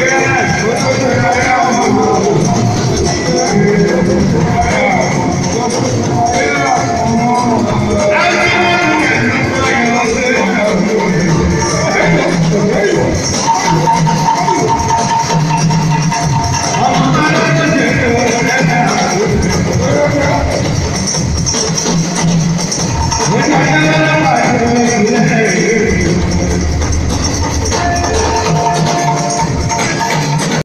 Obrigado.